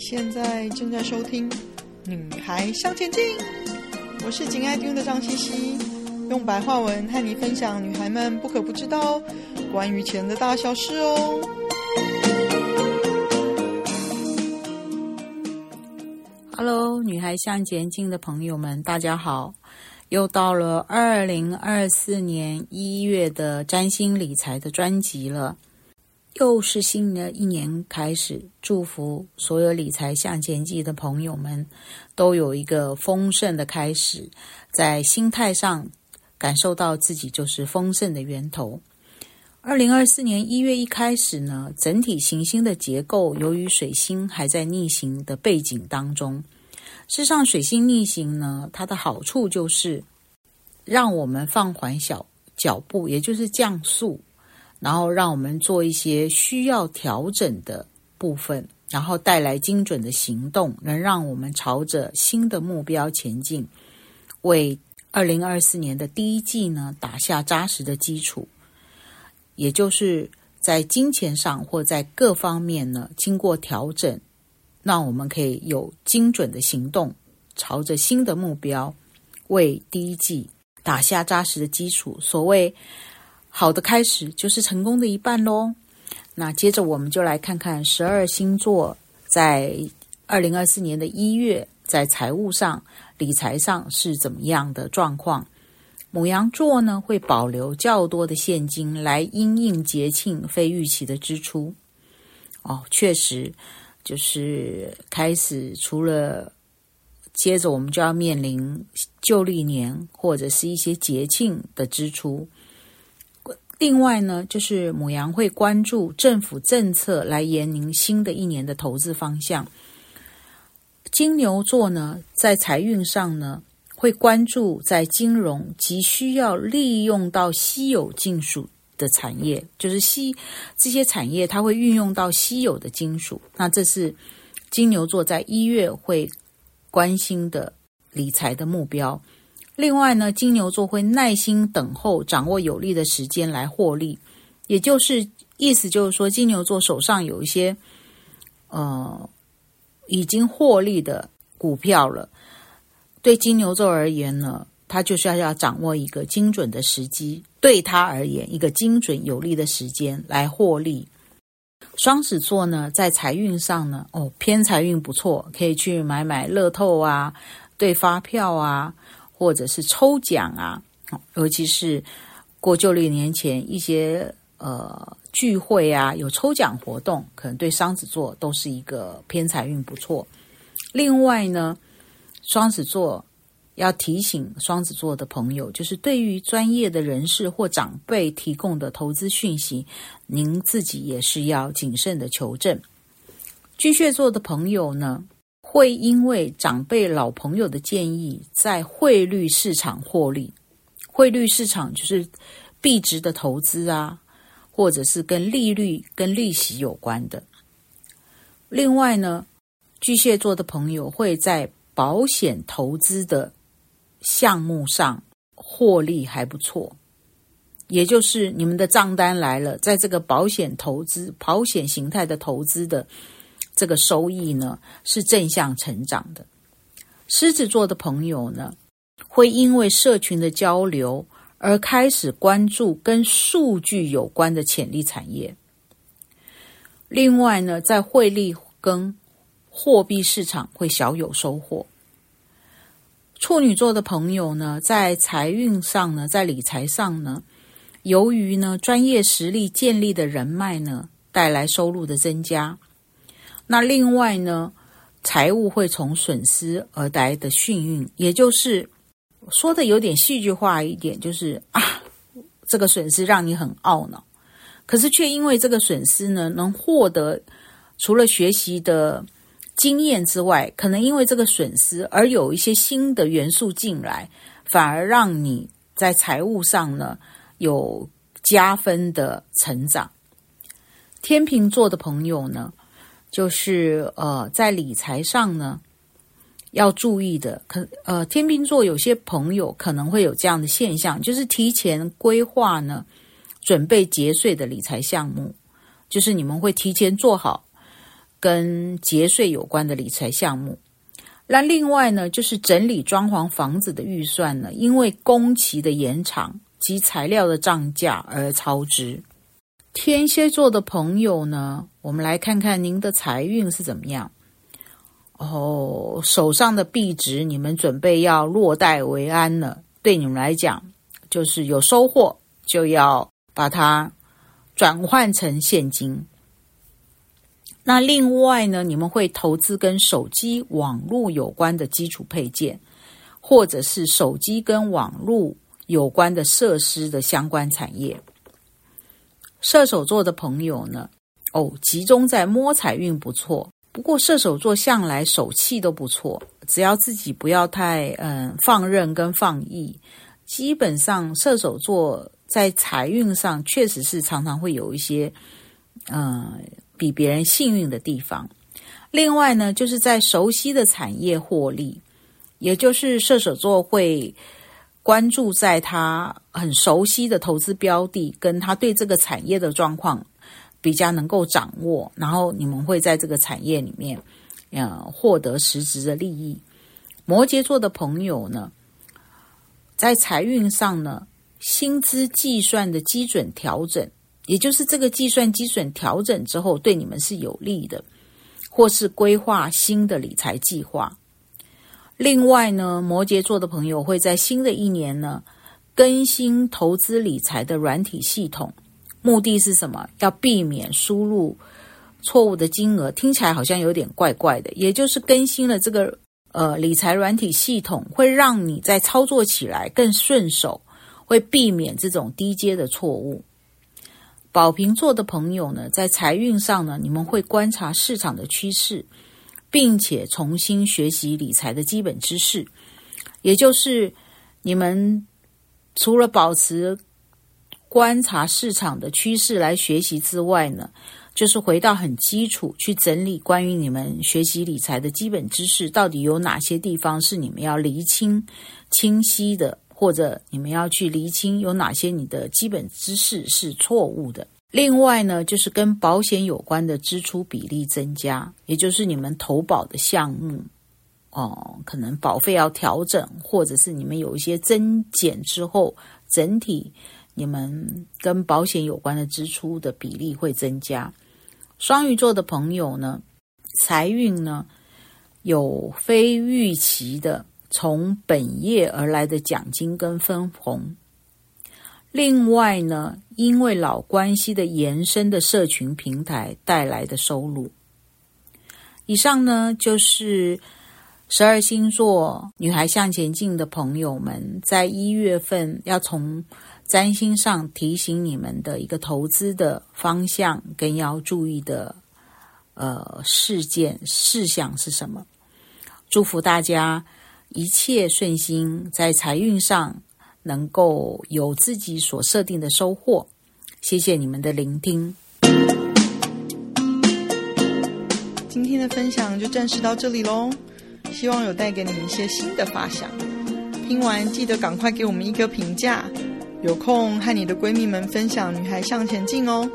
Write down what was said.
現在正在收聽《女孩向前進》，我是錦愛聽的張西西，用白話文和你分享女孩們不可不知道關於錢的大小事哦。Hello，女孩向前進的朋友們，大家好！又到了二零二四年一月的占星理財的專輯了。又是新的一年開始，祝福所有理財向前進的朋友們都有一個豐盛的開始，在心態上感受到自己就是豐盛的源頭。二零二四年一月一開始呢，整體行星的結構由於水星還在逆行的背景當中，事實上水星逆行呢，它的好處就是讓我們放緩小腳步，也就是降速。然後讓我們做一些需要調整的部分，然後帶來精準的行動，能讓我們朝着新的目標前進，為二零二四年的第一季呢打下扎實的基礎。也就是在金錢上或在各方面呢經過調整，讓我們可以有精準的行動，朝着新的目標，為第一季打下扎實的基礎。所謂。好的開始就是成功的一半嘍。那接着我們就來看看十二星座在二零二四年的一月在財務上、理財上是怎麼樣的狀況。牡羊座呢，會保留較多的現金來因應節慶非預期的支出。哦，確實，就是開始除了接着我們就要面臨舊曆年或者是一些節慶的支出。另外呢，就是牡羊會關注政府政策，來擬定新的一年的投資方向。金牛座呢，在財運上呢，會關注在金融及需要利用到稀有金屬的產業，就是稀這些產業，它會運用到稀有的金屬。那這是金牛座在一月會關心的理財的目標。另外呢，金牛座會耐心等候，掌握有利的時間來獲利，也就是意思就是說，金牛座手上有一些呃已經獲利的股票了。對金牛座而言呢，他就是要要掌握一個精準的時機，對他而言，一個精準有利的時間來獲利。雙子座呢，在財運上呢，哦，偏財運不錯，可以去買買樂透啊，對發票啊。或者是抽獎啊，尤其是過舊曆年前一些呃聚會啊，有抽獎活動，可能對雙子座都是一個偏財運不錯。另外呢，雙子座要提醒雙子座的朋友，就是對於專業的人士或長輩提供的投資訊息，您自己也是要謹慎的求證。巨蟹座的朋友呢，會因為長輩、老朋友的建議，在匯率市場獲利。匯率市場就是幣值的投資啊，或者是跟利率、跟利息有關的。另外呢，巨蟹座的朋友會在保險投資的項目上獲利還不錯。也就是你們的賬單來了，在這個保險投資、保險形態的投資的。這個收益呢，是正向成長的。獅子座的朋友呢，會因為社群的交流而開始關注跟數據有關的潛力產業。另外呢，在匯率跟貨幣市場會小有收穫。處女座的朋友呢，在財運上呢，在理財上呢，由於呢專業實力建立的人脈呢，帶來收入的增加。那另外呢，財務會從損失而來的幸運，也就是說的有點戲劇化一點，就是啊，這個損失讓你很懊惱，可是卻因為這個損失呢，能獲得除了學習的經驗之外，可能因為這個損失而有一些新的元素進來，反而讓你在財務上呢有加分的成長。天秤座的朋友呢，就是呃，在理財上呢，要注意的，可呃，天秤座，有些朋友可能會有這樣的現象，就是提前規劃呢，準備節稅的理財項目，就是你們會提前做好跟節稅有關的理財項目。那另外呢，就是整理裝潢房子的預算呢，因為工期的延長及材料的漲價而超支。天蠍座的朋友呢？我們來看看您的財運是怎麼樣。哦，手上的幣值，你們準備要落袋為安了。對你們來講，就是有收穫就要把它轉換成現金。那另外呢，你們會投資跟手機、網絡有關的基礎配件，或者是手機跟網絡有關的設施的相關產業。射手座的朋友呢，哦，集中在摸財運不錯。不過射手座向來手氣都不錯，只要自己不要太嗯放任跟放逸，基本上射手座在財運上確實是常常會有一些嗯比別人幸運的地方。另外呢，就是在熟悉的產業獲利，也就是射手座會。關注在他很熟悉的投資標的，跟他對這個產業的狀況比較能夠掌握，然後你們會在這個產業裡面，呃，獲得實質的利益。摩羯座的朋友呢，在財運上呢，薪資計算的基準調整，也就是這個計算基準調整之後，對你們是有利的，或是規劃新的理財計劃。另外呢，摩羯座的朋友會在新的一年呢，更新投資理財的軟體系統，目的是什麼？要避免輸入錯誤的金額。聽起來好像有點怪怪的，也就是更新了這個呃理財軟體系統，會讓你在操作起來更順手，會避免這種低階的錯誤。寶瓶座的朋友呢，在財運上呢，你們會觀察市場的趨勢。並且重新學習理財的基本知識，也就是你們除了保持觀察市場的趨勢來學習之外呢，就是回到很基礎去整理關於你們學習理財的基本知識，到底有哪些地方是你們要釐清清晰的，或者你們要去釐清有哪些你的基本知識是錯誤的。另外呢，就是跟保險有關的支出比例增加，也就是你們投保的項目，哦，可能保費要調整，或者是你們有一些增減之後，整體你們跟保險有關的支出的比例會增加。雙魚座的朋友呢，財運呢，有非預期的從本業而來的獎金跟分紅。另外呢，因為老關係的延伸的社群平台帶來的收入。以上呢，就是十二星座女孩向錢進的朋友們，在一月份要從占星上提醒你們的一個投資的方向跟要注意的呃事件事項是什麼？祝福大家一切順心，在財運上。能夠有自己所設定的收穫，謝謝你們的聆聽。今天的分享就暫時到這裡嘍，希望有帶給你們一些新的發想。聽完記得趕快給我們一個評價，有空和你的閨蜜們分享《女孩向錢進》哦。